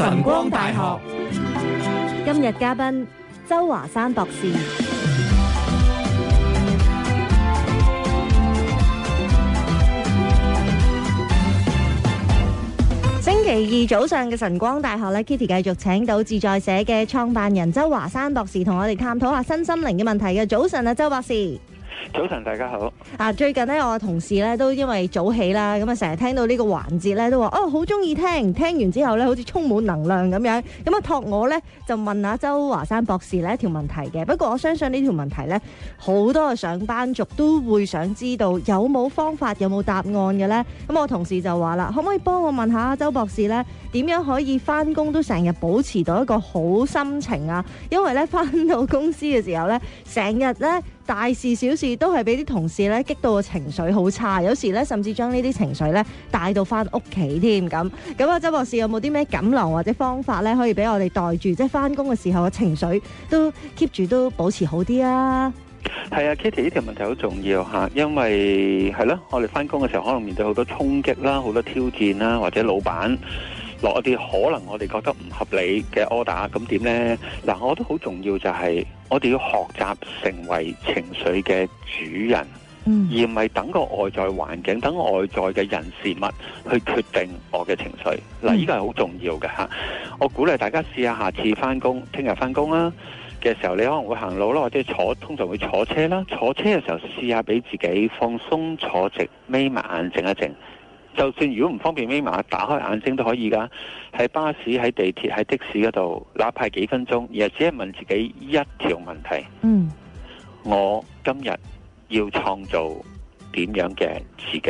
晨光大學今日嘉賓周華山博士。星期二早上嘅晨光大學咧，Kitty 繼續請到自在社嘅創辦人周華山博士同我哋探討下身心靈嘅問題嘅。早晨啊，周博士。早晨，大家好。啊，最近咧，我同事咧都因為早起啦，咁啊，成日聽到呢個環節咧，都話哦，好中意聽，聽完之後咧，好似充滿能量咁樣。咁啊，託我咧就問下周華山博士呢條問題嘅。不過我相信呢條問題咧，好多嘅上班族都會想知道有冇方法，有冇答案嘅咧。咁我同事就話啦，可唔可以幫我問下周博士咧，點樣可以翻工都成日保持到一個好心情啊？因為咧，翻到公司嘅時候咧，成日咧。大事小事都係俾啲同事咧激到個情緒好差，有時咧甚至將呢啲情緒咧帶到翻屋企添咁。咁啊，周博士有冇啲咩錦囊或者方法咧，可以俾我哋袋住，即係翻工嘅時候嘅情緒都 keep 住都保持好啲啊？係啊，Kitty 呢條問題好重要嚇，因為係咯、啊，我哋翻工嘅時候可能面對好多衝擊啦，好多挑戰啦，或者老闆落一啲可能我哋覺得唔合理嘅 order，咁點咧？嗱，我覺得好重要就係、是。我哋要學習成為情緒嘅主人，嗯、而唔係等個外在環境、等外在嘅人事物去決定我嘅情緒。嗱，呢個係好重要嘅吓。我鼓勵大家試下，下次返工、聽日返工啦嘅時候，你可能會行路啦，或者坐，通常會坐車啦。坐車嘅時候試下俾自己放鬆，坐直，眯埋眼，靜一靜。就算如果唔方便眯埋，打開眼睛都可以噶。喺巴士、喺地鐵、喺的士嗰度，哪怕幾分鐘，而係只係問自己一條問題。嗯，我今日要創造點樣嘅自己？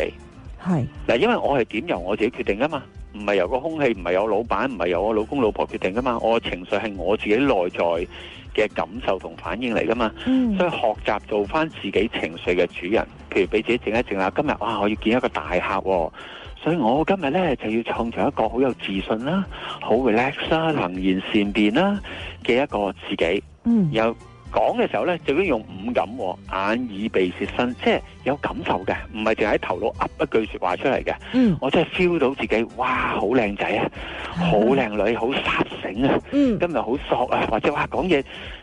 係嗱是，因為我係點由我自己決定噶嘛。唔係由個空氣，唔係由我老闆，唔係由我老公老婆決定噶嘛。我情緒係我自己嘅內在嘅感受同反應嚟噶嘛。嗯、所以學習做翻自己情緒嘅主人，譬如俾自己靜一靜，今日哇，我要見一個大客，啊，所以我今日呢就要創造一個好有自信啦、啊、好 relax 啦、啊、嗯、能言善辯啦嘅一個自己。嗯，有。講嘅時候咧，就應該用五感、哦，眼、耳、鼻、舌、身，即係有感受嘅，唔係淨喺頭腦噏一句說話出嚟嘅。嗯，我真係 feel 到自己，哇，好靚仔啊，好靚、嗯、女，好殺醒啊，嗯、今日好索啊，或者話講嘢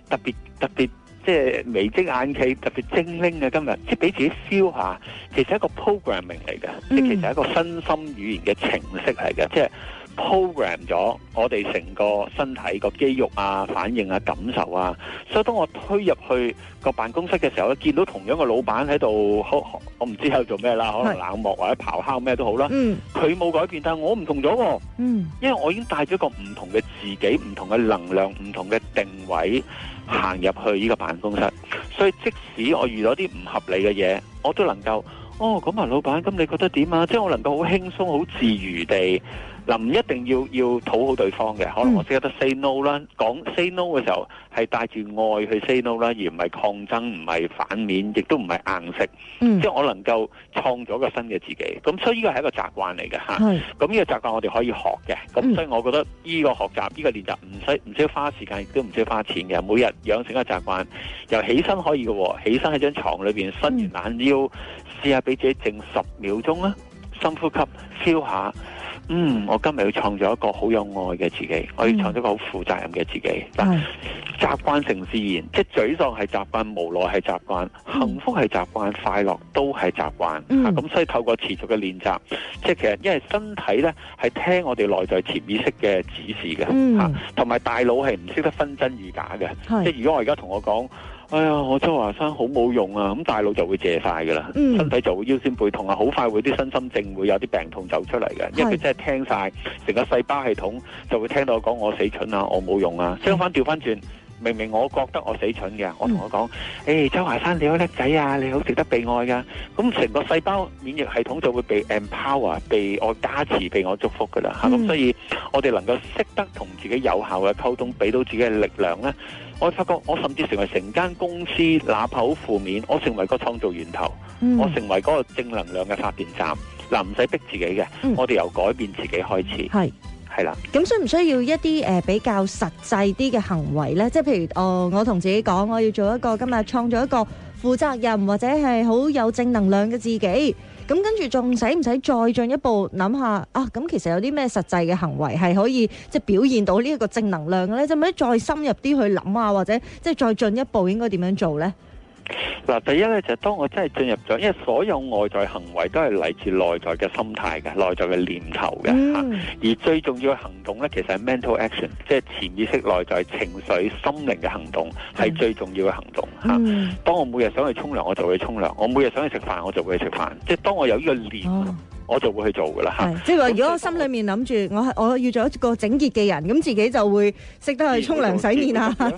特別特別，即係眉精眼企，特別精靈啊，今日即係俾自己 feel 下，其實係一個 programming 嚟嘅，嗯、即係其實係一個身心語言嘅程式嚟嘅，即係。program 咗我哋成個身體個肌肉啊、反應啊、感受啊，所以當我推入去個辦公室嘅時候，我見到同樣個老闆喺度，我唔知喺度做咩啦，可能冷漠或者咆哮咩都好啦。嗯，佢冇改變，但係我唔同咗。嗯，因為我已經帶咗個唔同嘅自己、唔同嘅能量、唔同嘅定位行入去呢個辦公室，所以即使我遇到啲唔合理嘅嘢，我都能夠哦，咁啊，老闆，咁你覺得點啊？即係我能夠好輕鬆、好自如地。嗱，唔一定要要討好對方嘅，可能我即刻得 say no 啦、嗯。講 say no 嘅時候，係帶住愛去 say no 啦，而唔係抗爭，唔係反面，亦都唔係硬食。即係、嗯、我能夠創咗個新嘅自己。咁所以呢個係一個習慣嚟嘅吓。係。咁呢個習慣我哋可以學嘅。咁所以我覺得呢個學習，呢、呢個練習唔使唔需要花時間，亦都唔需要花錢嘅。每日養成一個習慣，由起身可以嘅喎，起身喺張床裏面伸完懶腰，嗯、試下俾自己靜十秒鐘啦。深呼吸，feel 下，嗯，我今日要創造一個好有愛嘅自己，我要創造一個好負責任嘅自己。嗱的，習慣成自然，即係沮喪係習慣，無奈係習慣，嗯、幸福係習慣，快樂都係習慣。咁、嗯啊、所以透過持續嘅練習，即係其實因為身體呢係聽我哋內在潛意識嘅指示嘅，同埋、嗯啊、大腦係唔識得分真與假嘅。的即係如果我而家同我講。哎呀，我周華山好冇用啊，咁大腦就會謝晒噶啦，嗯、身體就會腰酸背痛啊，好快會啲身心症，會有啲病痛走出嚟嘅，是因為佢真係聽晒，成個細胞系統就會聽到我講我死蠢啊，我冇用啊。相反調翻轉，是明明我覺得我死蠢嘅，我同佢講，誒、嗯哎，周華山你好叻仔啊，你好值得被愛噶，咁成個細胞免疫系統就會被 empower，被我加持，被我祝福噶啦，吓咁、嗯、所以我哋能夠識得同自己有效嘅溝通，俾到自己嘅力量呢。我發覺我甚至成為成間公司，哪怕好負面，我成為個創造源頭，嗯、我成為嗰個正能量嘅發電站。嗱、啊，唔使逼自己嘅，嗯、我哋由改變自己開始。係是，係啦的。咁需唔需要一啲誒、呃、比較實際啲嘅行為呢？即係譬如，哦、我同自己講，我要做一個今日創造一個負責任或者係好有正能量嘅自己。咁跟住仲使唔使再進一步諗下啊？咁其實有啲咩實際嘅行為係可以即係表現到呢一個正能量嘅咧？使唔使再深入啲去諗啊？或者即係再進一步應該點樣做咧？嗱，第一咧就係、當我真係進入咗，因為所有外在行為都係嚟自內在嘅心態嘅，內在嘅念頭嘅、mm. 而最重要嘅行動咧，其實係 mental action，即係潛意識內在情緒心靈嘅行動，係、mm. 最重要嘅行動吓。Mm. 當我每日想去沖涼，我就會去沖涼；我每日想去食飯，我就會去食飯。即、就、係、係、當我有呢個念。Oh. 我就會去做㗎啦嚇即係話，是就是、如果我心裏面諗住我我要做一個整潔嘅人，咁自己就會識得去沖涼洗面啊！會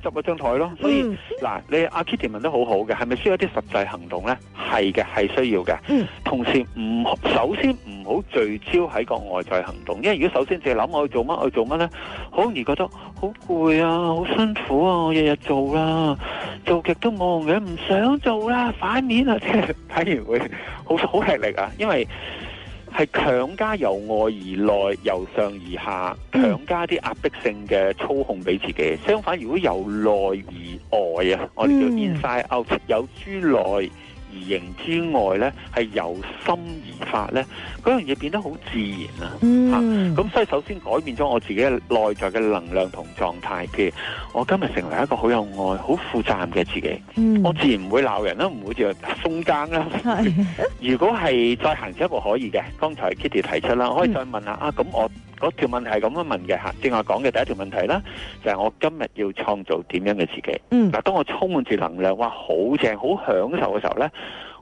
執咗張台咯。所以嗱、嗯，你阿 Kitty 問得好好嘅，係咪需要一啲實際行動咧？係嘅，係需要嘅。嗯、同時唔首先唔好聚焦喺個外在行動，因為如果首先淨係諗我去做乜，我做乜咧，好容易覺得好攰啊，好辛苦啊，我日日做啦、啊，做極都冇用嘅，唔想做啦，反面啊，即係睇完會好好吃力啊，因為。係強加由外而內、由上而下強加啲壓迫性嘅操控俾自己。相反，如果由內而外啊，嗯、我哋叫 inside out，有專內。而形之外呢，係由心而發呢，嗰樣嘢變得好自然啊！嗯，咁、啊、所以首先改變咗我自己內在嘅能量同狀態，譬如我今日成為一個好有愛、好負責任嘅自己。嗯、我自然唔會鬧人啦、啊，唔會叫「封單」啦。是如果係再行一步可以嘅，剛才 Kitty 提出啦，可以再問下、嗯、啊，咁我。我條問題係咁樣問嘅吓，正話講嘅第一條問題啦，就係我今日要創造點樣嘅自己。嗱，當我充滿住能量，哇，好正，好享受嘅時候呢，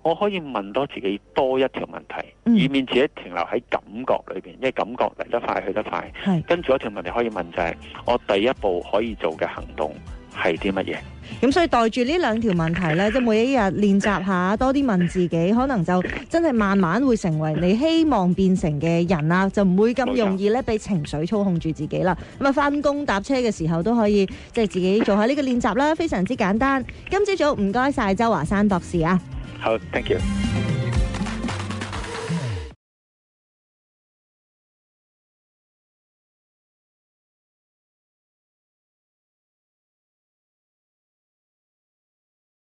我可以問多自己多一條問題，以免自己停留喺感覺裏邊，因為感覺嚟得快，去得快。係，跟住一條問題可以問就係，我第一步可以做嘅行動。係啲乜嘢？咁所以袋住呢兩條問題咧，即係每一日練習下，多啲問自己，可能就真係慢慢會成為你希望變成嘅人啦，就唔會咁容易咧，俾情緒操控住自己啦。咁啊冇錯，返工搭車嘅時候都可以，即係自己做下呢個練習啦，非常之簡單。今朝早唔該晒周華山博士啊。好，thank you。